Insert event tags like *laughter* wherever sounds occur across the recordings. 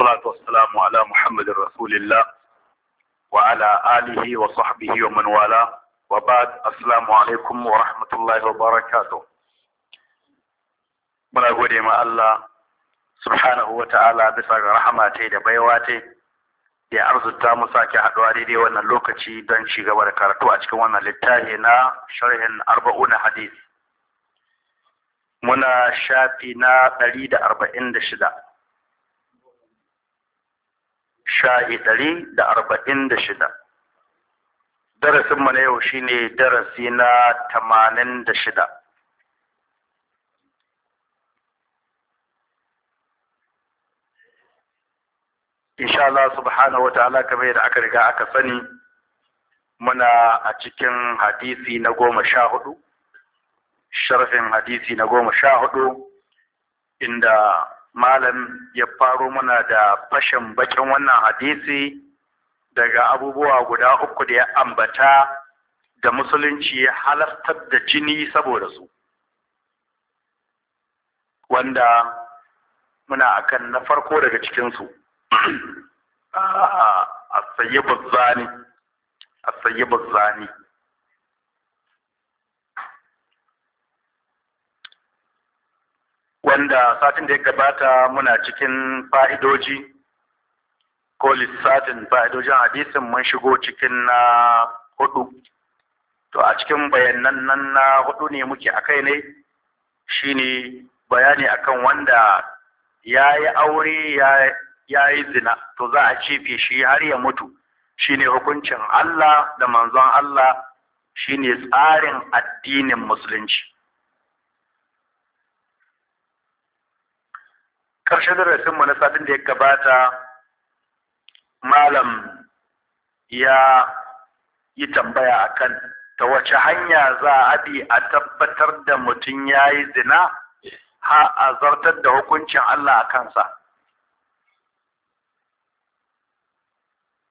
والصلاة والسلام على محمد رسول الله وعلى آله وصحبه ومن والاه وبعد السلام عليكم ورحمة الله وبركاته muna gode ma Allah subhanahu wa ta'ala bisa ga rahama ta da baiwa ta ya arzuta mu sake haɗuwa daidai wannan lokaci don ci gaba da karatu a cikin wannan littafi na sharhin arba'una hadith muna shafi na ɗari da arba'in da shida sha'i ɗari da arba'in da shida. Darasinmu na yau shine darasi na tamanin da shida. Insha Allah subhanahu wa ta'ala kamar yadda aka riga aka sani muna a cikin hadisi na goma sha hudu, sharfin hadisi na goma sha hudu inda malam ya faro mana da fashin bakin wannan hadisi daga abubuwa guda uku da ya ambata da musulunci ya halartar da jini saboda su wanda muna akan na farko daga cikinsu a *clears throat* ah, sayi zani a sayi zani wanda satin da ya gabata muna cikin fa'idoji ko lissafin fa'idojin hadisin mun shigo cikin na hudu to a cikin bayanan nan na hudu ne muke a kai ne shine bayani akan wanda ya yi aure ya yi zina to za a cefe shi har ya mutu shine hukuncin Allah da manzon Allah shine tsarin addinin musulunci Karshen darasin mu na satin da ya gabata malam ya yi tambaya akan ta wace hanya za a bi a tabbatar da mutum ya yi zina ha a zartar da hukuncin Allah a kansa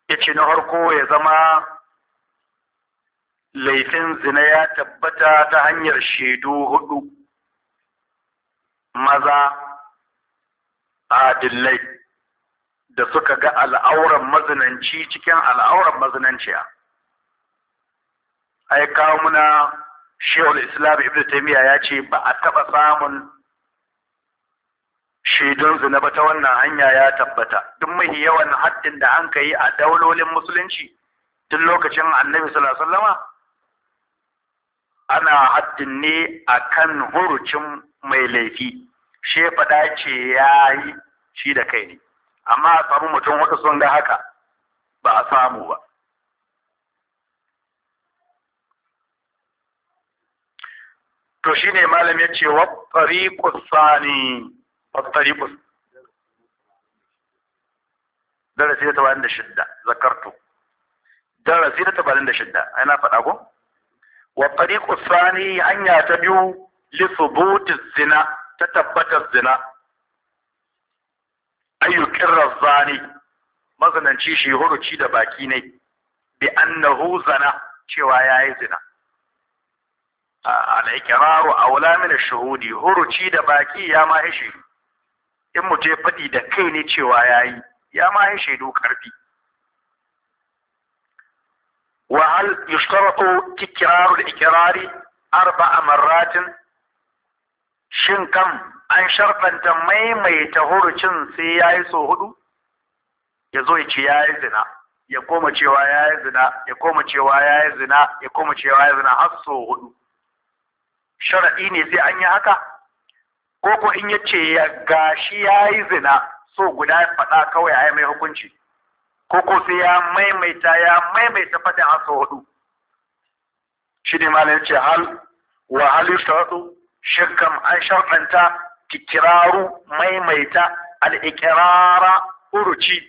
yace na harko ya zama laifin zina ya tabbata ta hanyar shaidu hudu maza adillai da suka ga al'auran mazinanci cikin al'auran mazinanciya ai kawo muna shehul islam ibn taymiya ya ce ba a taɓa samun shaidun zina ba ta wannan hanya ya tabbata duk mahi yawan haddin da an ka a daulolin musulunci tun lokacin annabi sallallahu alaihi ana haddin ne akan hurucin mai laifi shi ya faɗa ce ya yi shi da kai ne amma a samu mutum wata sun ga haka ba a samu ba to shi ne malam ya ce wa tariqus sani wa tariqus darasi da tabarin da shidda zakartu darasi da tabarin da shidda ai na faɗa ko wa tariqus sani hanya ta biyu li zina ta tabbatar zina ayyukin zani mazananci shi huruci da baki ne bi annahu zana cewa yayi zina al-iqraru aula min ash-shuhudi huruci da baki ya ma ishe in mutum ya faɗi da kai ne cewa yayi ya ma ishe do karfi وهل يشترط تكرار الإقرار أربع مرات shin kan an sharfanta maimaita hurucin sai ya yi so hudu ya zo ya ce ya yi zina ya koma cewa ya yi zina ya koma cewa ya yi zina ya koma cewa ya yi zina har so hudu sharaɗi ne sai an yi haka ko ko in ya ce ya gashi ya yi zina so guda ya faɗa kawai a yi mai hukunci ko ko sai ya maimaita ya maimaita faɗin har so hudu shi ne malam ce hal wa hal yushratu shakkan an sharɗanta tikiraru maimaita al'ikirara uruci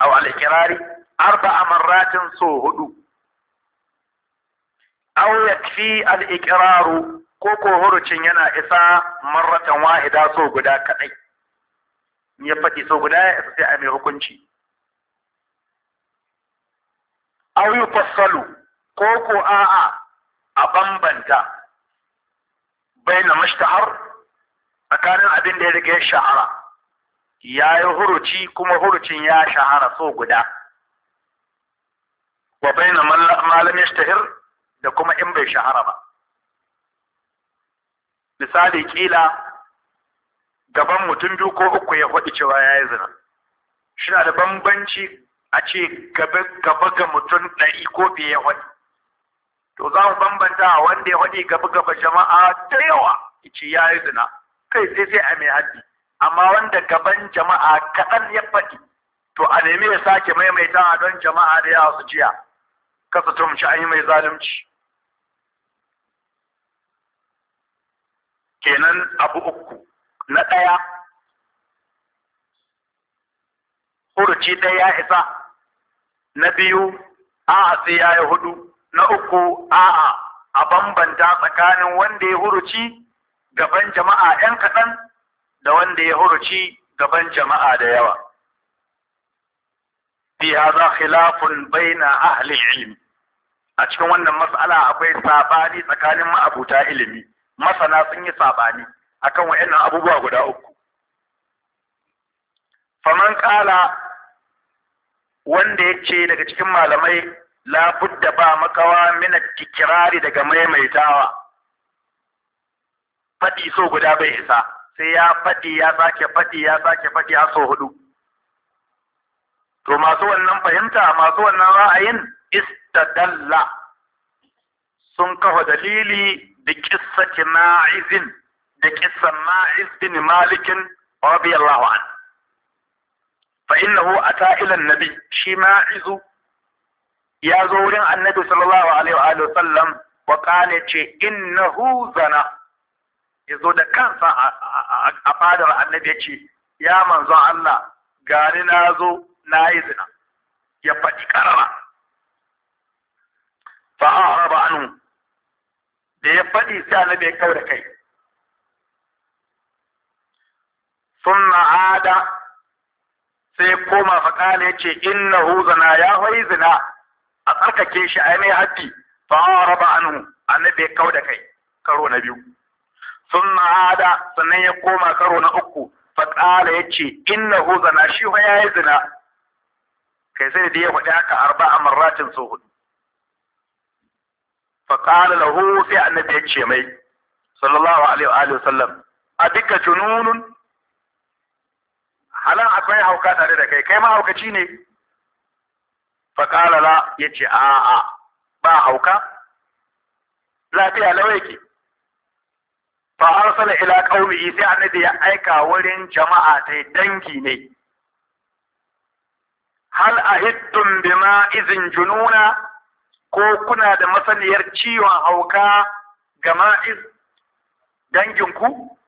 a al'ikirari arba a marratin so hudu aw yakfi al-iqraru ko ko hurucin yana isa marratan wahida so guda kadai ya faɗi so guda ya isa sai a mai hukunci aw yufassalu ko ko a'a a bambanta bayan na mashtahar tsakanin abin da ya riga shahara ya yi huruci kuma hurucin ya shahara so guda wa bayan na malam yashtahir da kuma in bai shahara ba misali kila gaban mutum biyu ko uku ya faɗi cewa ya yi zina shi da bambanci a ce gaba ga mutum ɗari ko biyu ya faɗi to za mu bambanta wanda ya faɗi gaba gaba jama'a da yawa ici ya yi zina kai sai sai a mai haddi amma wanda gaban jama'a kaɗan ya faɗi to a nemi ya sake maimaita don jama'a da yawa su jiya kasa tumci an yi mai zalunci kenan abu uku na ɗaya furuci ɗaya ya isa na biyu a sai ya yi hudu na uku a'a a bambanta tsakanin wanda ya huruci gaban jama'a 'yan kaɗan da wanda ya huruci gaban jama'a da yawa fi hadha khilafun baina ahli ilimi. a cikin wannan mas'ala akwai sabani tsakanin ma'abuta ilimi masana sun yi sabani akan wayannan abubuwa guda uku faman kala wanda ya ce daga cikin malamai labudda ba makawa min tikirari daga maimaitawa faɗi so guda bai isa sai ya faɗi ya sake faɗi ya sake faɗi har so hudu to masu wannan fahimta masu wannan ra'ayin istadalla sun kafa dalili da kissati ma'izin da kissan ma'iz bin malikin radiyallahu an fa innahu ata ila nabi shi ma'izu ya zo wurin annabi sallallahu alaihi wa sallam wa kale ce innahu zana ya zo da kansa a fadar annabi ya ce ya manzon Allah gani na zo na yi zina ya faɗi ƙarara fa araba anhu da ya faɗi sai annabi ya kaura kai sunna ada sai koma fa kale ce innahu zana ya hoyi zina a tsarkake shi a mai haddi fa raba anu annabi ya da kai karo na biyu sun hada sannan ya koma karo na uku fa ce, yace innahu zana shi fa yi zina kai sai da ya faɗi haka a marratin so hudu fa qala lahu sai annabi ya ce mai sallallahu alaihi wa sallam. A duka jununun halan akwai hauka tare da kai kai ma haukaci ne Faƙara la ya ce a'a ba hauka lafiya nawa yake fa arsala ila ƙaumi sai annabi ya aika wurin jama'a ta dangi ne hal ahittum bima izin jununa ko kuna da masaniyar ciwon hauka ga ma'iz danginku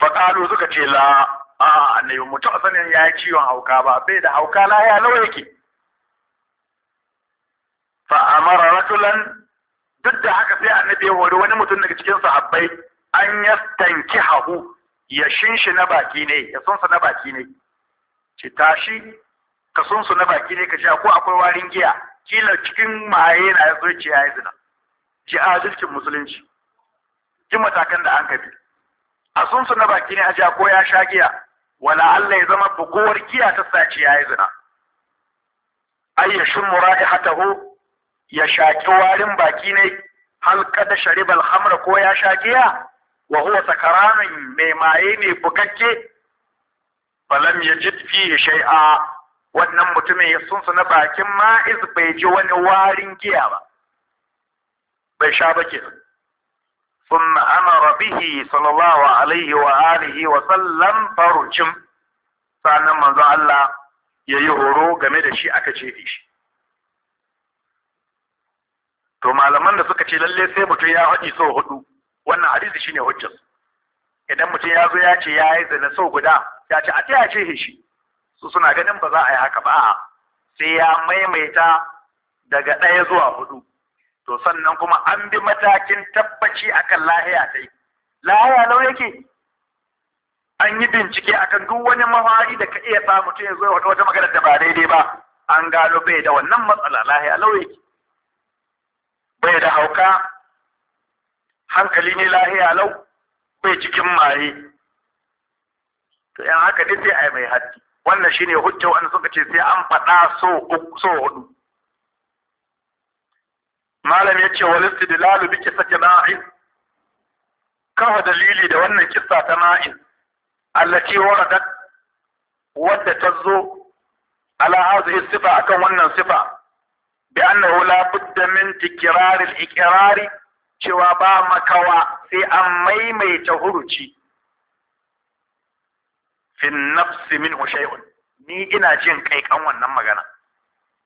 faƙalu suka ce la a annabi mutum sanin ya ciwon hauka ba bai da hauka la ya lawa yake fa amara rajulan duk da haka sai annabi ya hori wani mutum daga cikin sahabbai an yastanki hahu ya shinshi na baki ne ya sunsa na baki ne ce tashi ka sunsu na baki ne ka ce ko akwai warin giya kila cikin maye na ya ce ya yi zina ji adalcin musulunci ji matakan da an kafi a sunsu na baki ne a ji ko ya sha giya wala Allah ya zama buguwar giya ta sace ya yi zina ayyashin muradi hatahu ya shaƙi warin baki ne halka da sharibal hamra ko ya shaƙi ya wa huwa sakaranun mai maye ne bukakke falam ya ji fiye shai'a wannan mutumin ya sunsu na bakin ma'iz bai ji wani warin giya ba bai sha ba ke sun amara bihi sallallahu alaihi wa alihi wa sallam farucin sannan manzon Allah ya yi horo game da shi aka ce shi to malaman da suka ce lalle sai mutum ya haɗi sau hudu wannan hadisi shine hujja idan mutum ya zo ya ce ya yi zina sau guda ya ce a ta ya ce shi su suna ganin ba za a yi haka ba sai ya maimaita daga ɗaya zuwa hudu to sannan kuma an bi matakin tabbaci akan lahiya ta yi lahiya lau yake an yi bincike akan duk wani mahari da ka iya sa mutum ya zo ya wata magana da ba daidai ba an gano bai da wannan matsala lahiya lau yake bai da hauka hankali ne lahiya lau bai cikin maye to yan haka duk sai ai mai haddi wannan shine hujja wanda suka ce sai an faɗa so so hudu malam ya ce wal istidlal bi qissati na'in kafa dalili da wannan kisa ta na'in allati waradat wadda ta zo ala hadhihi sifa akan wannan sifa da anna la budda min tikrar al-iqrar cewa ba makawa sai an maimaita huruci fi nafs min ni ina jin kaikan wannan magana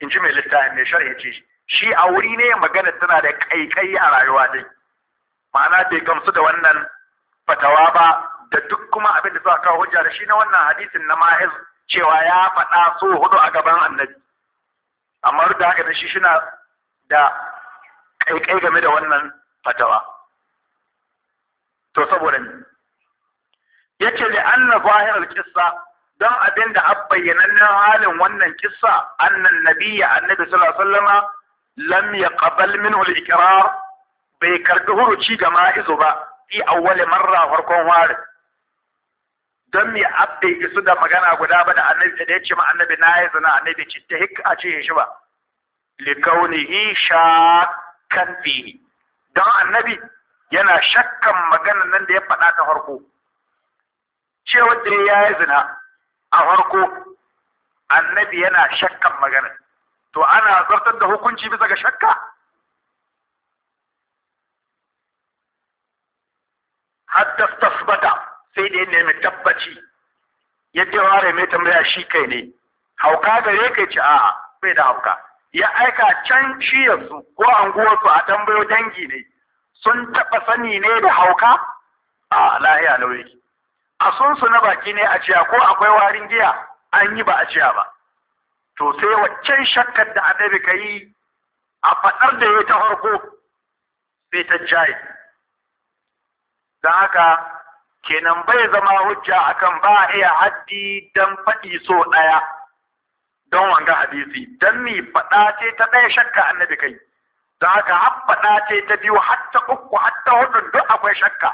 in ji mai littafin mai sharhi ce shi a wuri ne magana tana da kaikai a rayuwa dai ma'ana bai gamsu da wannan fatawa ba da duk kuma abin da a kawo hujja da shi na wannan hadisin na mahiz cewa ya faɗa so hudu a gaban annabi amma duk da haka shi shina da kaikai game da wannan fatawa to saboda ne yace da na zahirar kissa don abin da an bayyanannen halin wannan kissa annan nabiyya annabi sallallahu alaihi lam yaqbal minhu al-iqrar bai karbi huruci ga ma'izu ba fi awwal marra farkon warin don me abbe isu da magana guda ba da annabi da ya ce ma annabi na yi zina annabi ce ta hik a ce shi ba likaunihi shakkan fihi don annabi yana shakkan magana nan da ya faɗa ta farko ce dai ya yi zina a farko annabi yana shakkan magana to ana zartar da hukunci bisa ga shakka hatta tasbata sai dai ya nemi tabbaci ya ware mai tambaya shi kai ne hauka gare kai ci a bai da hauka ya aika can yanzu. ko anguwarsu a tambayo dangi ne sun taɓa sani ne da hauka a lahiya wuri a su na baki ne a ciya ko akwai warin giya an yi ba a ciya ba to sai waccan shakkar da annabi ka yi a faɗar da ya ta farko sai ta jaye don haka kenan bai zama hujja akan ba a iya haddi dan faɗi so ɗaya don wanga hadisi dan mi faɗa ce ta ɗaya shakka annabi kai don haka har faɗa ce ta biyu hatta uku hatta hudu duk akwai shakka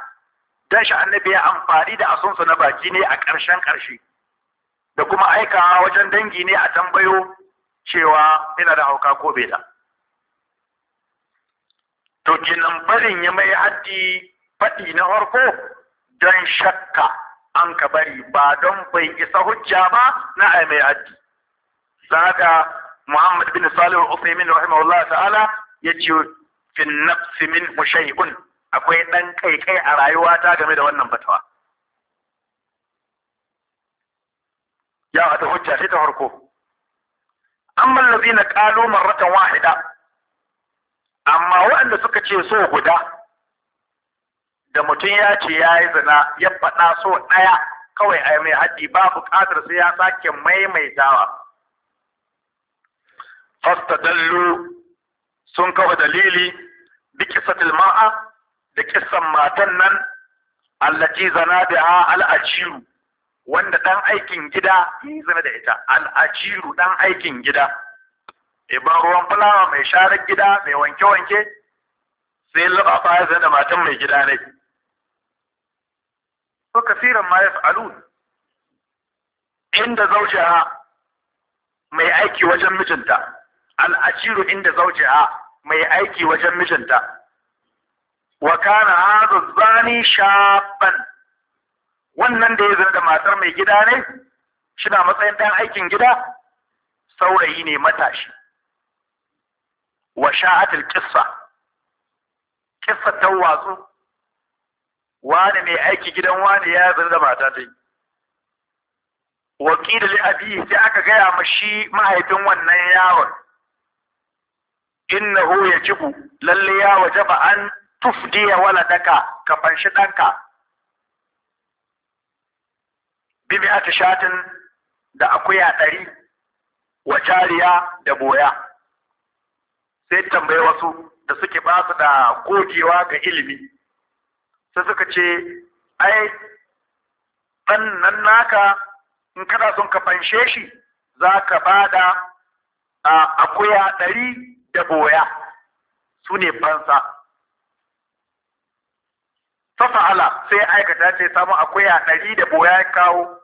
dan shi annabi ya amfani da asunsa na baki ne a ƙarshen ƙarshe da kuma aikawa wajen dangi ne a tambayo cewa ina da hauka ko bai da to kenan barin ya mai haddi faɗi na farko don shakka an ka bari ba don bai isa hujja ba na ai mai addi saka Muhammad bin Salih al-Uthaymeen rahimahullah ta'ala yace fi nafsi min shay'un akwai ɗan kai a rayuwata game da wannan fatawa ya wata hujja sai ta farko amma allazina qalu marratan wahida amma waɗanda suka ce so guda da mutum ya ce ya yi zina ya faɗa so ɗaya kawai a mai haɗi ba buƙatar sai ya sake maimaitawa Fasta fastadallu sun kawo dalili da kisatil mar'a da kisan matan nan allaci zana ha al'ajiru wanda ɗan aikin gida yi zina da ita al'ajiru ɗan aikin gida iban ruwan fulawa mai sharar gida mai wanke-wanke sai laba ya zana da matan mai gida ne ko kasiran ma yaf'alun inda zawjaha inda zawjaha mai aiki wajen mijinta Wakana kana hadha zani wannan da ya zina da masar mai gida ne Shina matsayin ɗan aikin gida saurayi ne matashi wa sha'atul kisa. qissa ta watsu wani mai aiki gidan wani ya zan da mata ta wakili li abi sai aka gaya ma shi mahaifin wannan yaron ya yajibu lalle ya wajaba an wala daka, ka fanshi ɗanka bibi a shatin da akuya ɗari wa jariya da boya sai tambayi wasu da suke ba su da gogewa ga ilimi sai suka ce ai ɗan nan naka in kana son ka fanshe shi za ka bada akuya ɗari da boya su ne fansa ta fa'ala sai aikata ce samu akuya ɗari da boya ya kawo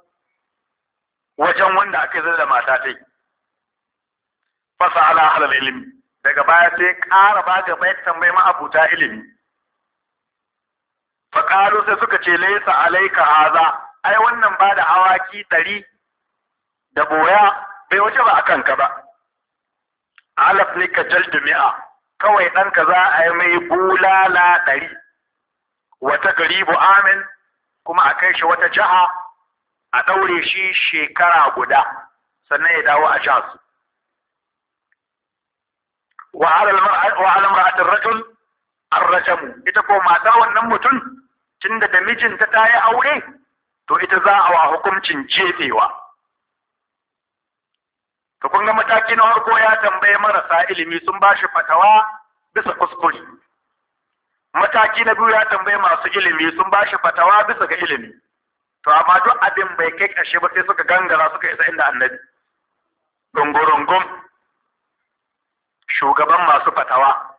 wajen wanda aka zai da mata ta yi fasa ala halal ilimi daga baya sai ƙara ba ga bai tambayi ma'abuta ilimi faƙalu sai suka ce laisa alaika haza ai wannan ba da awaki ɗari da boya bai wuce ba a kanka ba alaf ne ka jami'a. kawai ɗanka za a yi mai bulala ɗari wata garibu amin kuma a kai shi wata jiha a ɗaure shi shekara guda sannan ya dawo a sha su wa alamra'atin rajul An mu. ita ko matar wannan mutum tunda da mijinta ta yi aure to ita za a wa hukuncin jefewa to kun ga mataki na harko ya tambaye marasa ilimi sun ba shi fatawa bisa kuskure mataki na biyu ya tambaye masu ilimi sun ba shi fatawa bisa ga ilimi to amma duk abin bai kai ƙarshe ba sai suka gangara suka isa inda annabi rungurungun shugaban masu fatawa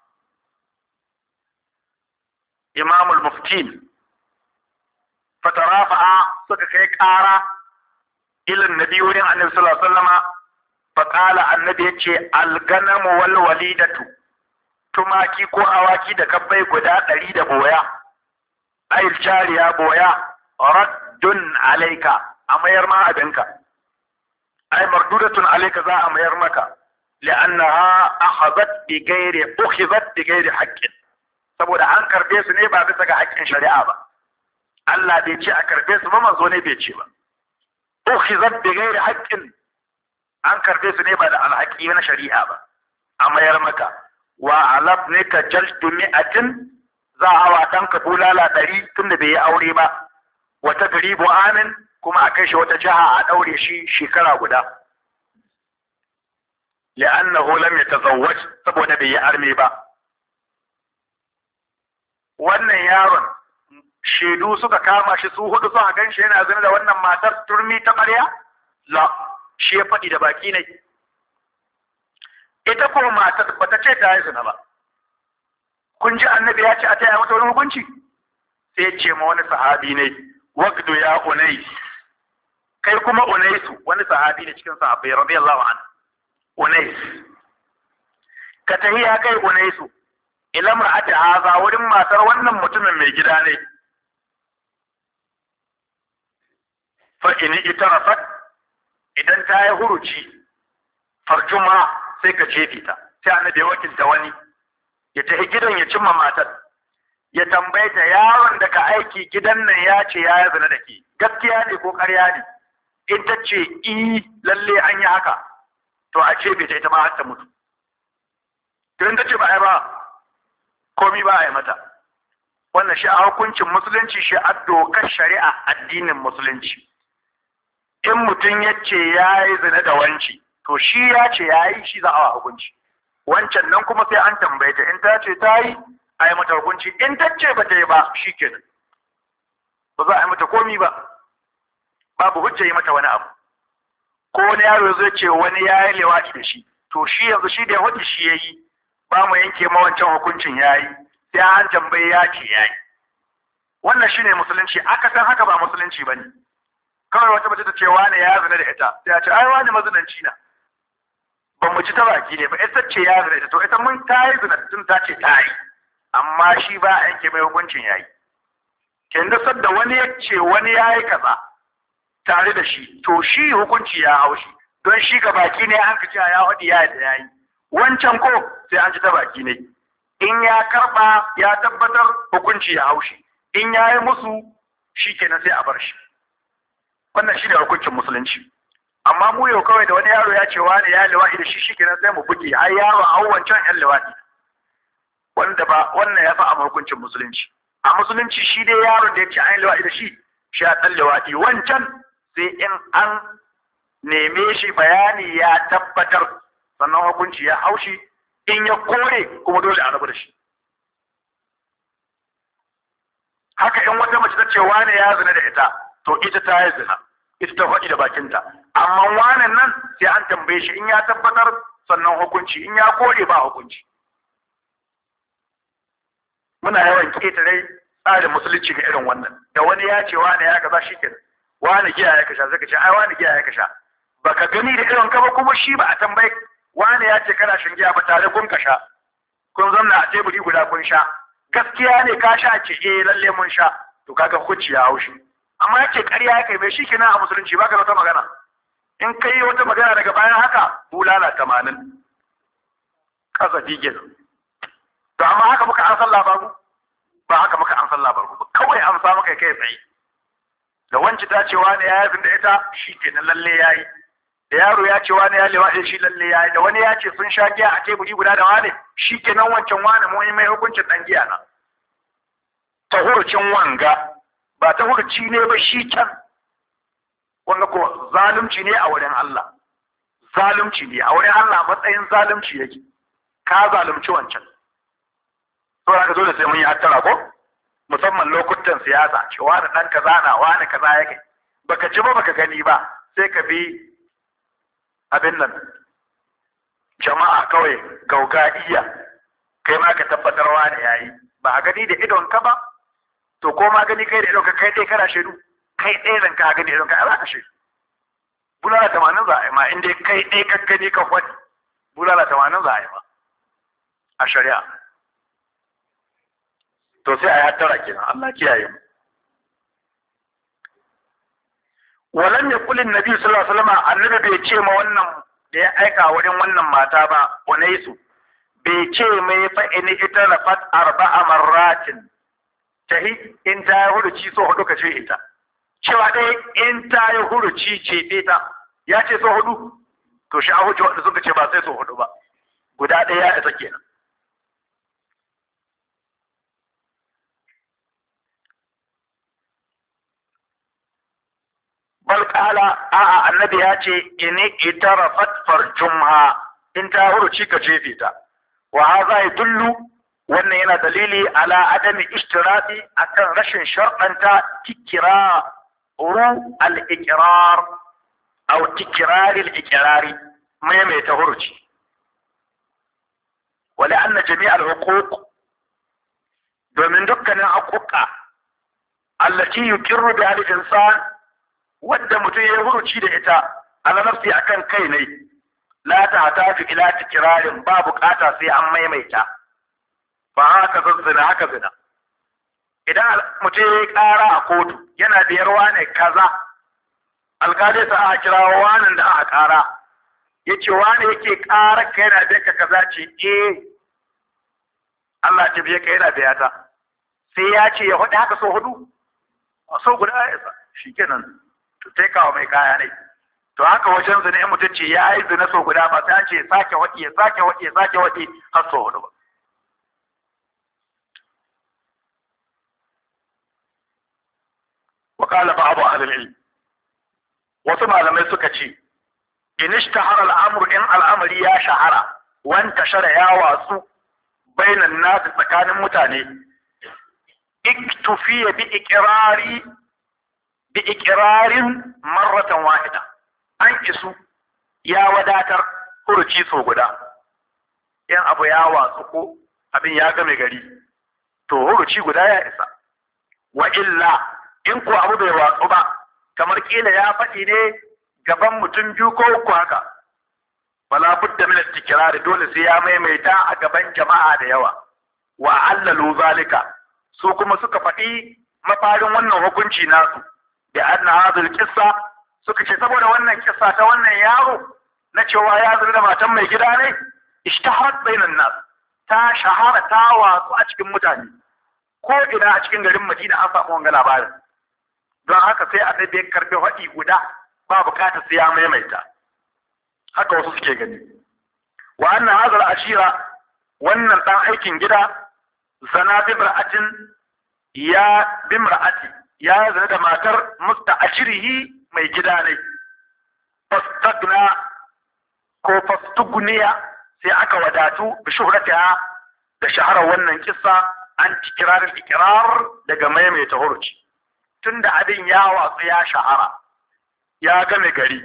imamul muftin fatarafa'a suka kai ƙara ilin nabi wurin annabi sallallahu alaihi wasallama faqala annabi yace alganamu tumaki ko awaki da kabbai guda ɗari da boya ayil jariya boya raddun alaika a mayar ma abinka ay mardudatun alaika za a mayar maka li'annaha akhadhat bi ghairi ukhidhat bi gairi haqqin saboda an karbe su ne ba bisa ga haƙƙin shari'a ba Allah bai ce a karbe su ba manzo ne bai ce ba ukhizat bi ghairi haqqin an karbe su ne ba da alhaki na shari'a ba a mayar maka wa alabnika jaltu mi'atin za a hawa ɗanka bulala tun da bai yi aure ba wata garibu amin kuma a kai shi wata jiha a daure shi shekara guda li'annahu lam yatazawwaj saboda bai yi arme ba wannan yaron shaidu suka kama shi su hudu suka gan shi yana zina da wannan matar turmi ta ƙarya la shi ya faɗi da baki ne ita ko matar bata ce ta yi zina ba kun ji annabi ya ce a taya mata wani hukunci sai ya ce ma wani sahabi ne waqdu ya unai. kai kuma su wani sahabi ne cikin sahabbai radiyallahu anhu unais ka tahiya kai su, ila mar'ati haza wurin matar wannan mutumin mai gida ne fa in itarafat idan ta yi huruci farjuma sai ka ce ta sai annabi ya wakilta wani ya tafi gidan ya cimma matar ya tambaye ta yaron da ka aiki gidan nan ya ce ya yi zina da ke gaskiya ne ko karya ne in ta ce i e, lalle an yi haka to a ce bai ta ita ma har ta mutu Kiran ta ce ba ai ba komi ba a yi mata wannan shi a hukuncin musulunci shi a dokar shari'a addinin musulunci in mutum ya ce ya yi zina da wanci to shi ya ce ya yi shi za a hukunci wancan nan kuma sai an tambaye ta in ta ce ta yi a yi mata hukunci in ta ce ba ta yi ba shi kenan ba za a yi mata komi ba babu hujja yi mata wani abu ko wani yaro zai ce wani ya yi lewaci da shi to shi yanzu shi da ya hudu shi ya yi ba mu yanke wancan hukuncin yayi sai an tambaye ya ce yayi wannan shine musulunci aka san haka ba musulunci bane kawai wata mace ta ce wani ya zina da ita sai a ce ai wani mazinanci na ba mu ci ta baki ne ba ita ce ya zina da ita to ita mun ta yi zina tun ta ce ta yi amma shi ba a yanke mai hukuncin yayi kin da sadda wani ya ce wani ya yi kaza tare da shi to shi hukunci ya hau shi don shi ga baki ne an ka ce ya hudi ya yi da ya yi wancan ko sai an ci ta baki ne in ya karɓa ya tabbatar hukunci ya haushi in ya yi musu shi kenan sai a bar shi wannan shi ne hukuncin musulunci amma mu yau kawai da wani yaro ya ce wani ya liwaɗi da shi shi kenan sai mu buge ai yaro a wancan yan liwaɗi wanda ba wannan ya fi a hukuncin musulunci a musulunci shi dai yaro da ya ce an liwaɗi da shi shi ya ɗan liwaɗi wancan sai in an neme shi bayani ya tabbatar sannan hukunci ya haushi in ya kore kuma dole a rabu da shi haka in wata mace ta ce wane ya zina da ita to ita ta yi zina ita ta faɗi da bakinta amma wanan nan sai an tambaye shi in ya tabbatar sannan hukunci in ya kore ba hukunci muna yawan ƙetare tsarin musulunci ga irin wannan da wani ya ce wane ya kaza shi kenan wane giya ya kasha zaka ce ai wane giya ya kasha baka gani da irin ka ba kuma shi ba a tambaye Wani ya ce kana shan giya ba tare kun ka sha kun zanna a teburi guda kun sha gaskiya ne ka sha ce eh lalle mun sha to kaga hukunci ya haushi amma yake ƙarya kai bai shi kina a musulunci baka wata magana in kai wata magana daga bayan haka bulala tamanin kasa digil to amma haka muka an sallah ba ba haka muka an sallah ba kawai an samu kai kai tsaye da wanci ta cewa ne ya yi da ita shi kenan lalle ya yi da yaro ya ce wani ya lewa eh, shi lalle ya da wani ya ce sun sha giya a teburi guda da wane shi ke nan wancan wani mai mai hukuncin dan giya na ta hurcin wanga ba ta hurci ne ba shi can wanga ko zalunci ne a wurin Allah zalunci ne a wurin Allah matsayin zalunci yake ka zalunci wancan to ka zo da sai mun yi hattara ko musamman lokutan siyasa cewa da dan kaza na wani kaza yake baka ji ba baka gani ba sai ka bi abin nan jama'a kawai iya. kai ma ka tabbatar ne yayi ba a gani da idon ka ba to ko ma gani kai da idon ka kai dai kana shaidu kai dai ran ka gani idon ka ba ka shaidu bulala tamanin za a yi ma in dai kai dai ka gani ka kwani bulala tamanin za a yi ma a shari'a to sai a yi hattara kenan Allah kiyaye mu walam ya kulin nabi sallallahu alaihi wasallam annabi bai ce ma wannan da ya aika wurin wannan mata ba unaisu bai ce mai fa in ita fat arba'a marratin tahi in ta yi huruci so hudu ka ce ita cewa dai in ta yi huruci ce ta ya ce so hudu to shi a hujja wanda suka ce ba sai so hudu ba guda ɗaya ya isa kenan bal kala a'a annabi ya ce ini itarafat farjumha in ta huruci ka jefe ta wa hadha yadullu wannan yana dalili ala adami ishtirati akan rashin sharɗanta tikira ru al-iqrar aw tikrar al-iqrari maimaita huruci wala anna jami' al-huquq domin dukkanin haƙuƙa allati yuqirru bi al-insan wadda mutum ya huruci da ita ala nafsi akan kai ne la ta fi ila tikrarin ba bukata sai an maimaita ba haka zazzina haka zina idan mutum ya yi kara a kotu yana da yarwa ne kaza alkali sa aka wa wanan da aka kara ya ce wani yake kara ka yana biyar ka kaza ce eh Allah ta biya ka yana biya ta sai ya ce ya hudu haka so hudu sau guda ya shi kenan taikawa mai kaya ne to haka wajen zina in mutum ce ya yi zina so guda ba sai an ce sake waɗi ya sake waɗi ya sake waɗi har so hudu ba wa qala abu ahli al wasu malamai suka ce in ishtahara al-amru in al ya shahara wan tashara ya wasu bainan nas tsakanin mutane iktufiya bi iqrari bi ikirarin marratan wahida an isu ya wadatar furuci so guda yan abu ya watsu ko abin ya game gari to furuci guda ya isa wa illa in ko abu bai watsu ba kamar kila ya faɗi ne gaban mutum biyu ko uku haka wala budda min al-tikrar dole sai ya maimaita a gaban jama'a da yawa wa allalu zalika su kuma suka faɗi mafarin wannan hukunci nasu da an na kissa suka ce saboda wannan kissa ta wannan yaro na cewa ya zuru da matan mai gida ne ishtaharat bainan nas ta shahara ta watsu a cikin mutane ko ina a cikin garin Madina an samu wanga labarin don haka sai annabi ya karbi haɗi guda ba bukatar sai ya maimaita haka wasu suke gani wa anna hazar ashira wannan dan aikin gida zana bimra'atin ya bimra'ati ya zana da matar musta ashirihi mai gida ne fastagna ko fastugniya sai aka wadatu bi shuhratiha da shaharar wannan kissa an tikirarin ikirar daga maimaita huruci tunda abin ya watsu ya shahara ya game gari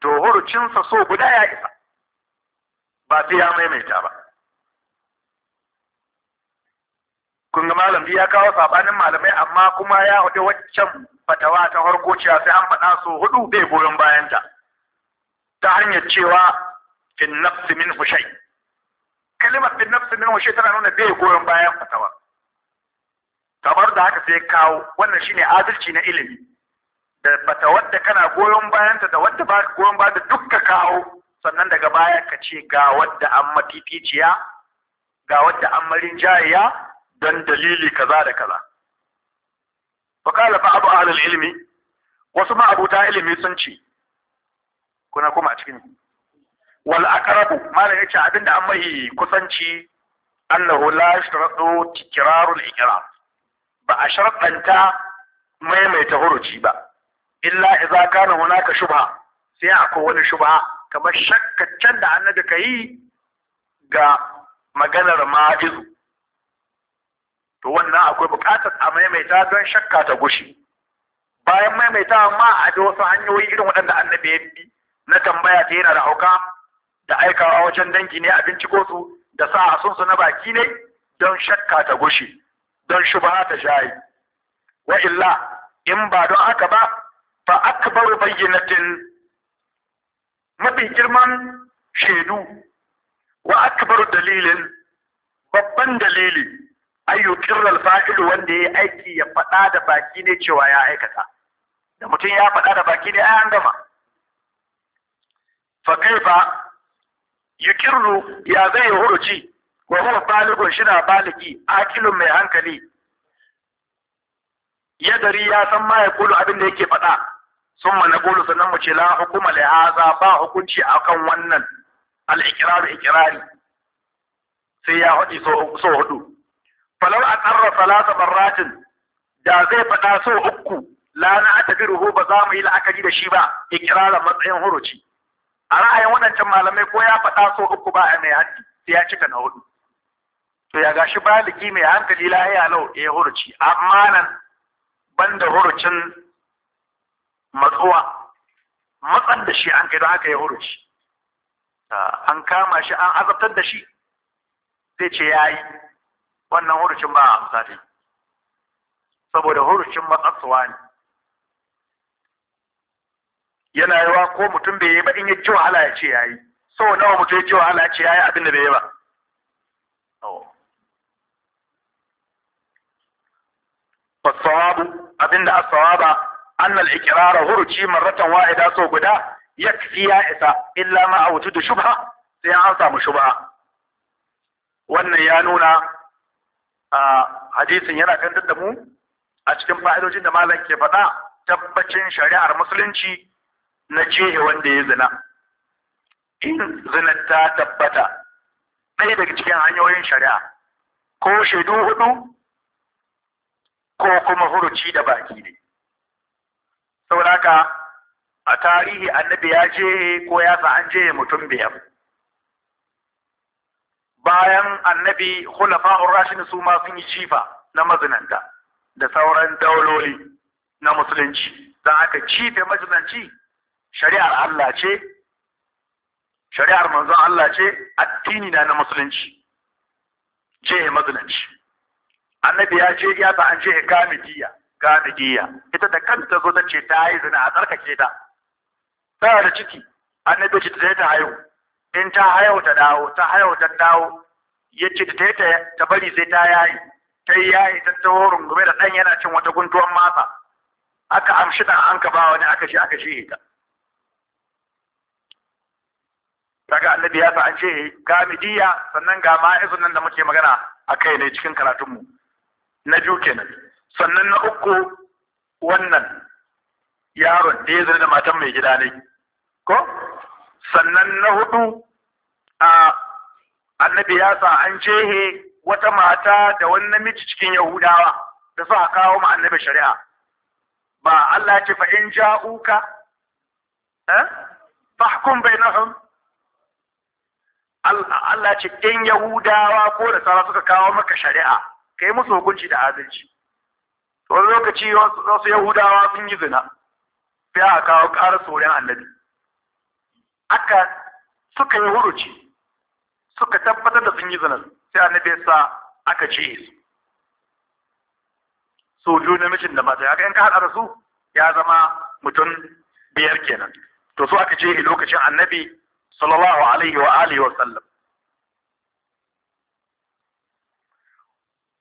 to hurucinsa so guda ya isa ba sai ya maimaita ba kun ga malam ya kawo sabanin malamai amma kuma ya hudu waccan fatawa ta farko cewa sai an faɗa su hudu bai goyon bayanta ta hanyar cewa fin nafsi min hushai kalimar fin nafsi min hushai tana nuna bai goyon bayan fatawa kamar da haka sai kawo wannan shine adalci na ilimi da fatawar da kana goyon bayanta da wadda ba goyon ba da dukka kawo sannan daga baya ka ce ga wadda an matiticiya ga wadda an marin jariya dan dalili kaza da kaza fa kala fa abu ahlul ilmi wasu ma abuta ilimi sun ce kuna kuma a cikin wal aqrabu mala yace abinda an mai kusanci annahu la yashtaratu al ikram ba a sharɗanta maimaita huruci ba illa idza kana hunaka shubha sai akwai wani shubha kamar shakkaccen da annabi ka yi ga maganar ma'izu to wannan akwai buƙatar a maimaita don shakka ta gushi bayan maimaita ma a da wasu hanyoyi irin waɗanda annabi ya bi na tambaya ta yana da hauka da aikawa wajen dangi ne a binciko su da sa a sunsu na baki ne don shakka ta gushi don shubha ta shayi wa illa in ba don haka ba fa akbaru bayyinatin mafi girman shaidu wa akbaru dalilin babban dalili kirral failu wanda ya aiki ya faɗa da baki ne cewa ya aikata da mutum ya faɗa da baki ne ai an gama fa kaifa yukirru ya zai huruci wa huwa baligun shina baligi akilun mai hankali ya dari ya san ma ya kulu abin da yake faɗa sun mana kulu sannan mu ce la hukuma li haza ba hukunci akan wannan al-iqrar iqrari sai ya hudi so so hudu falau a ƙarra salasa barratin da zai faɗa so uku la na tafi ruhu ba za mu yi la'akari da shi ba ikirarar matsayin huruci a ra'ayin waɗancan malamai ko ya faɗa so uku ba a mai hannu sai ya cika na hudu to ya gashi liki mai hankali lahiya lau ya eh, huruci amma nan da hurucin matsuwa matsan da shi an kai don haka ya huruci an kama shi an azabtar da shi zai ce ya yi wannan hurucin ba a amsa dai saboda hurucin matsatsuwa ne yana yawa ko mutum bai yi ba in ya ci wahala ya ce ya yi sau nawa mutum ya ci wahala ya ce ya yi abin da bai yi ba fasawabu abin da asawaba annal ikirara huruci marratan wa'ida so guda yakfi ya isa illa ma wutu da shubha sai an samu shubha wannan ya nuna a hadisin yana kan da mu a cikin fa'idojin da malam ke faɗa tabbacin shari'ar musulunci na jehe wanda ya zina in zina ta tabbata ɗaya daga cikin hanyoyin shari'a ko shaidu hudu ko kuma huruci da baki ne saboda haka a tarihi annabi ya je ko ya sa an je mutum biyar bayan annabi khulafa'ur rashidin su ma sun yi cifa na mazinanta da sauran dauloli na musulunci don aka cife mazinanci shari'ar Allah ce shari'ar manzon Allah ce addini na musulunci ce mazinanci annabi ya ce ya ta an ce gamidiya gamidiya ita da kanta zo ta ce ta yi zina a tsarkake ta tana da ciki annabi ce ta ta haihu in ta hayau ta dawo ta hayau ta dawo yace da tayi ta bari sai ta yayi ta yayi ta tawo rungume da dan yana cin wata guntuwan masa aka amshi dan an ka ba wani aka shi aka shi ta daga annabi ya sa an ce ga midiya sannan ga ma'izun nan da muke magana a kai ne cikin karatunmu na biyu kenan sannan na uku wannan yaron da ya zai da matan mai gida ne ko sannan na hudu a annabi ya sa an jehe wata mata da wani namiji cikin yahudawa da suka kawo ma annabi shari'a ba Allah ce fa in ja'uka eh fahkum bainahum Allah ce in yahudawa ko da sara suka kawo maka shari'a kai musu hukunci da adalci to lokaci wasu yahudawa sun yi zina sai aka kawo ƙarar soren annabi aka suka yi huruci suka tabbatar da sun yi zinar sai annabi sa aka ce su su biyu namijin da mata haka in ka hada da su ya zama mutum biyar kenan to su aka ce lokacin annabi sallallahu alaihi wa alihi wa sallam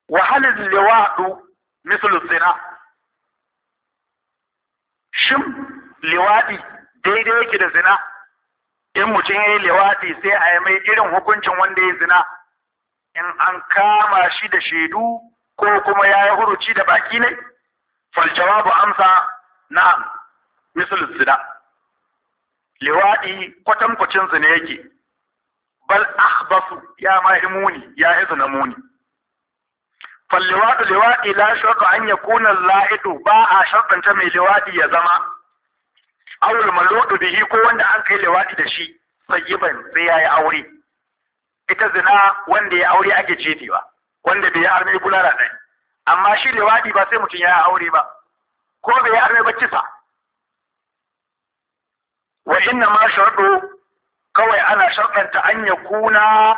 wa halin liwadu mislu zina shin liwadi daidai yake da zina in mutum ya yi lewaɗi sai a yi mai irin hukuncin wanda ya zina in an kama shi da shaidu ko kuma ya yi huruci da baki ne fal jawabu amsa na misal zina lewaɗi kwatankwacin zina yake bal ahbasu ya ma muni ya zina muni fal liwaɗi liwaɗi la shaka an yakuna la'idu ba a sharɗanta mai liwaɗi ya zama awul da shi ko wanda an kai lewati da shi sayyiban sai ya yi aure ita zina wanda ya aure ake jefewa wanda bai arme bulara dai amma shi lewati ba sai mutum ya yi aure ba ko bai yi arme ba kisa wa inna ma sharɗu kawai ana sharɗanta an ya kuna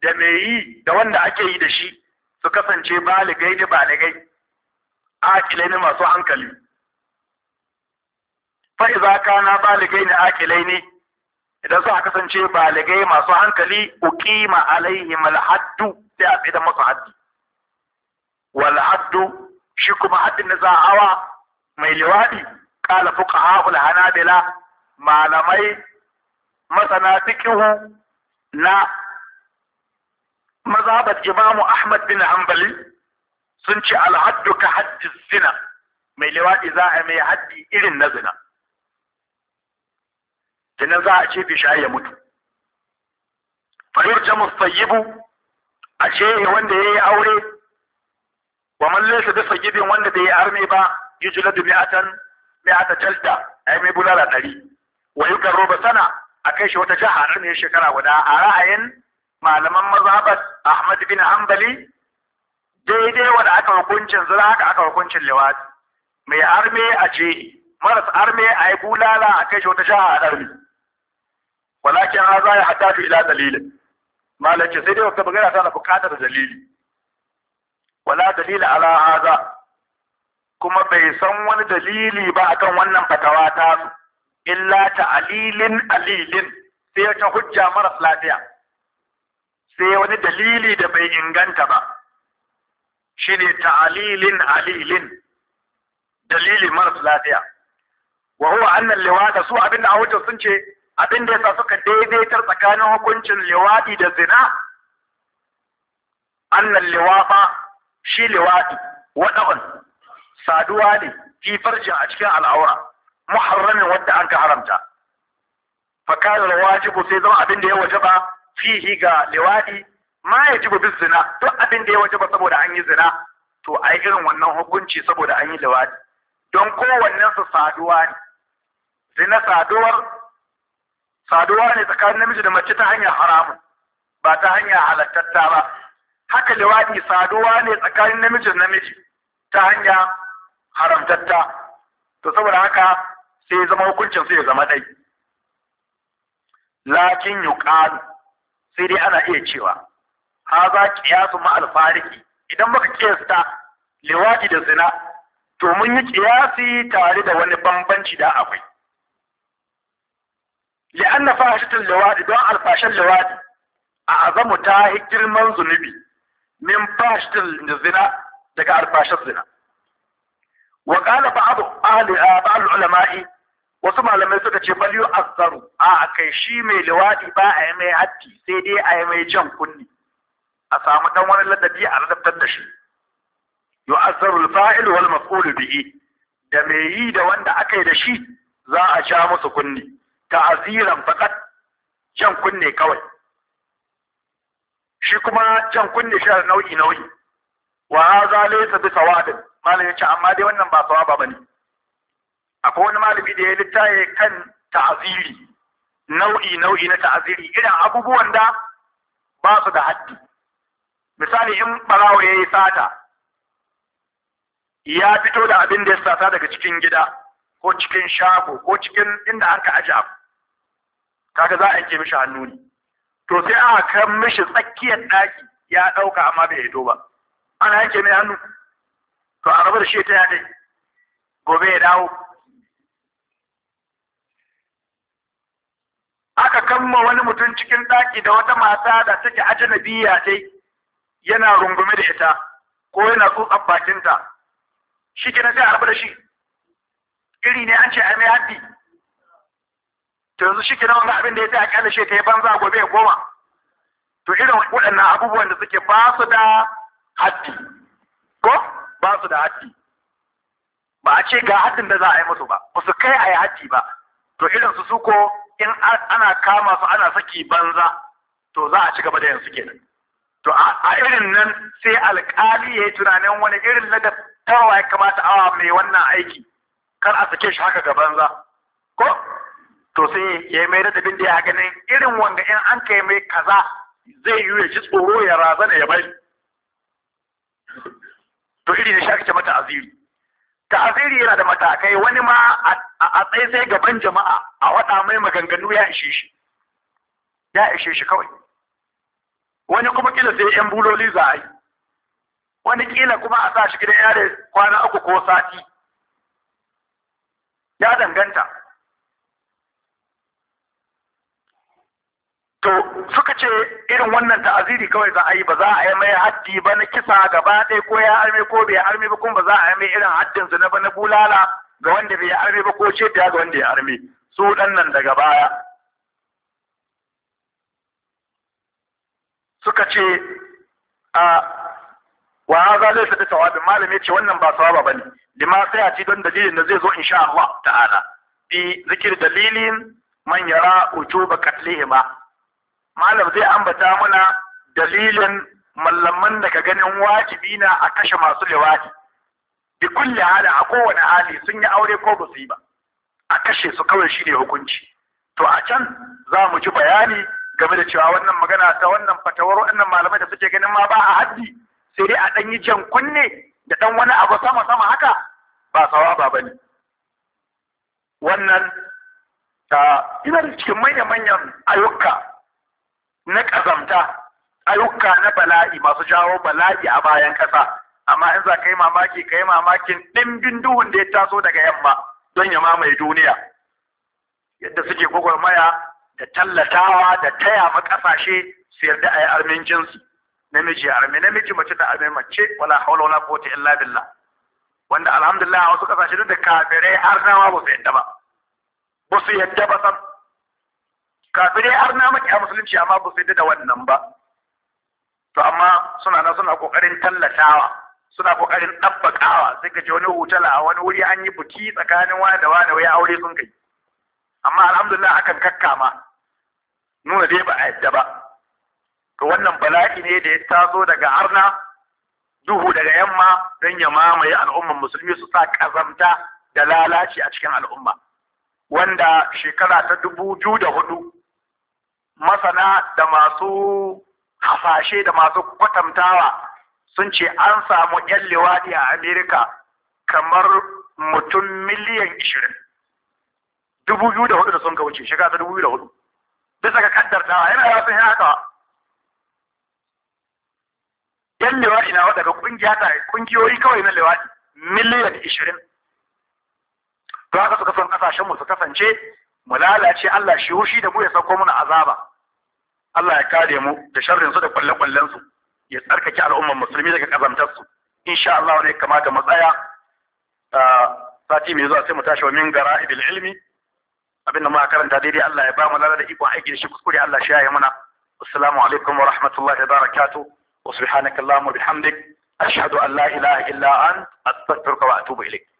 da mai yi da wanda ake yi da shi su kasance baligai ne baligai akilai ne masu hankali fa'iza kana baligai na akilai ne idan suka kasance baligai masu hankali uqima alaihim alhaddu sai a tsaye da masu haddi wal haddu shi kuma haddin da za hawa mai liwadi qala fuqaha al hanabila malamai masana fiqhu na mazhabat imamu ahmad bin hanbali sun ce alhaddu ka haddi zina mai liwadi za a mai haddi irin na zina kenan za a ce shi ya mutu fayur jamus tayyibu a ce wanda ya yi aure wa mallesa da sayyibin wanda bai yi arme ba yi juladu mi'atan mi'ata talta ai mai bulala ɗari wa yi roba sana a kai shi wata jiha nan ne shekara guda a ra'ayin malaman mazhabat Ahmad bin Hanbali daidai wanda aka hukuncin zira haka aka hukuncin liwati mai arme a ce maras arme a yi bulala a kai shi wata jiha a ɗarmi walakin haza ya hataju ila dalilin malace sai dai wata magana tana buƙatar dalili wala dalila ala kuma bai san wani dalili ba akan wannan fatawa ta su illa ta'alilin alilin sai ta hujja maras lafiya sai wani dalili da bai inganta ba shine ta'alilin alilin dalili mara lafiya wa huwa anna liwada su abinda a sun ce abin da ya suka daidaitar tsakanin hukuncin liwaɗi da zina annan liwaɗa shi liwaɗi Waɗawan saduwa ne fi farjin a cikin al'aura muharramin wadda an ka haramta fakarar wajibu sai zama abin da ya wajaba fihi ga liwaɗi ma ya ji bis zina duk abin da ya wajaba saboda an yi zina to a yi irin wannan hukunci saboda an yi liwaɗi don kowannensu saduwa ne zina saduwar saduwa ne tsakanin namiji da mace ta hanyar haramu ba ta hanyar halattatta ba haka liwaɗi saduwa ne tsakanin namiji da namiji ta hanya haramtatta to saboda haka sai zama hukuncin su ya zama ɗai lakin yuqalu sai dai ana iya cewa haza kiyasu ma alfariki idan baka kiyasta liwaɗi da zina to mun yi kiyasi tare da wani bambanci da akwai li'anna fahishatul lawadi don alfashan lawadi a azamu ta girman zunubi min fahishatul zina daga alfashan zina wa qala ba'd ahli wasu malamai suka ce bal yu'azzaru a kai shi mai lawadi ba a yi mai hatti sai dai a yi mai jan kunni a samu dan wani ladabi a ladabtar da shi yu'azzaru al-fa'il wal maf'ul bihi da mai yi da wanda aka yi da shi za a ca musu kunne. ta'aziran fakat jan kunne kawai shi kuma jan kunne shi nau'i nau'i wa hadha laysa bi sawadin malami yace amma dai wannan ba sawaba bane akwai wani malami da ya littaye kan ta'aziri nau'i nau'i na ta'aziri irin abubuwan da ba su da haddi misali in barawo ya yi sata ya fito da abin da ya sata daga cikin gida ko cikin shago ko cikin inda an ka aje abu kaga za a yanke mishi hannu ne to sai aka kan mishi tsakiyar daki ya dauka amma bai hito ba ana yanke mai hannu to a rabar shi ta ya dai gobe ya dawo aka kamma wani mutum cikin daki da wata mata da take ajnabiya dai yana rungume da ita ko yana tsotsar bakinta shi kenan sai a rabar shi iri ne an ce ai mai haddi to yanzu shi kenan wani abin da ya ce a kyale shi ta yi banza gobe ya koma to irin waɗannan abubuwan da suke ba su da haddi ko ba su da haddi ba a ce ga haddin da za a yi musu ba ba su kai a yi haddi ba to irin su suko in ana kama su ana saki banza to za a ci gaba da yanzu kenan to a irin nan sai alkali ya yi tunanin wani irin ladabtarwa ya kamata awa mai wannan aiki kar a sake shi haka ga banza ko to sai ya mai da bin da ya ganin irin wanga in an kai mai kaza zai yi ya tsoro ya razana ya bari to iri ne shi mata aziri ta aziri yana da matakai wani ma a tsaye sai gaban jama'a a wada mai maganganu ya ishe shi ya ishe shi kawai wani kuma kila sai yan buloli za a yi wani kila kuma a sa shi gidan yare kwana uku ko sati ya danganta to suka ce irin wannan ta'aziri kawai za a yi ba za a yi mai haddi ba na kisa gaba ɗaya ko ya arme ko bai arme ba kuma ba za a yi mai irin haddin su na bana bulala ga wanda bai arme ba ko shedda ga wanda ya arme su ɗan nan daga baya suka ce a wa za laysa bi sawabin malami ce wannan ba sawaba ne lima sai a ci don dalilin da zai zo insha Allah ta'ala bi zikir dalilin man yara ujuba katlihima malam zai ambata mana dalilin mallaman da ka ganin wajibi na a kashe masu liwati bi kulli hada a kowane hali sun yi aure ko ba su yi ba a kashe su kawai shi ne hukunci to a can za mu ji bayani game da cewa wannan magana ta wannan fatawar wannan malamai da suke ganin ma ba a haddi sai dai a ɗan yi jan kunne da ɗan wani abu sama sama haka ba sawaba ba ne wannan ta ina cikin manya manyan ayyuka na ƙazamta ayyuka na bala'i masu jawo bala'i a bayan ƙasa amma in za ka yi mamaki ka yi mamakin ɗimbin duhun da ya taso daga yamma don ya mamaye duniya yadda suke gwagwarmaya da tallatawa da taya ma ƙasashe su yarda a yi armin namiji ya armi namiji mace ta armi mace wala haula wala quwwata illa billah wanda alhamdulillah wasu ƙasashe da kafirai har nawa ba su yadda ba ba su yadda ba kafirai har na maki a musulunci amma ba su yi da wannan ba to amma suna nan suna kokarin tallatawa suna kokarin ɗabbakawa sai ka ji wani hutala a wani wuri an yi buki tsakanin wani da wani ya aure sun kai amma alhamdulillah akan kakkama nuna dai ba a yadda ba to wannan bala'i ne da ya taso daga arna duhu daga yamma don ya mamaye al'ummar musulmi su sa kazamta da lalaci a cikin al'umma wanda shekara ta dubu biyu da hudu masana da masu hasashe da masu kwatantawa sun ce an samu 'yan liwaɗi a amerika kamar mutum miliyan 20 dubu biyu da hudu da sun ka shiga ta dubu biyu da hudu bisa ga tawa yana yawa sun haka yan liwaɗi na daga kungiya ta kungiyoyi kawai na liwaɗi miliyan 20 don haka suka son kasashen mu su kasance mu lalace Allah shi hushi da mu ya sauko mana azaba Allah ya kare mu da sharrin su da kwalle-kwallen su ya tsarkake al'ummar musulmi daga kazantar su insha Allah ne kamata ga matsaya sati mai zuwa sai mu tashi wa min gara'idil ilmi abin da muka karanta daidai Allah ya ba mu lada iko aiki da shi kuskure Allah shi yayi mana assalamu alaikum wa rahmatullahi wa barakatuh wa subhanakallahumma bihamdik ashhadu an la ilaha illa ant astaghfiruka wa atubu ilaik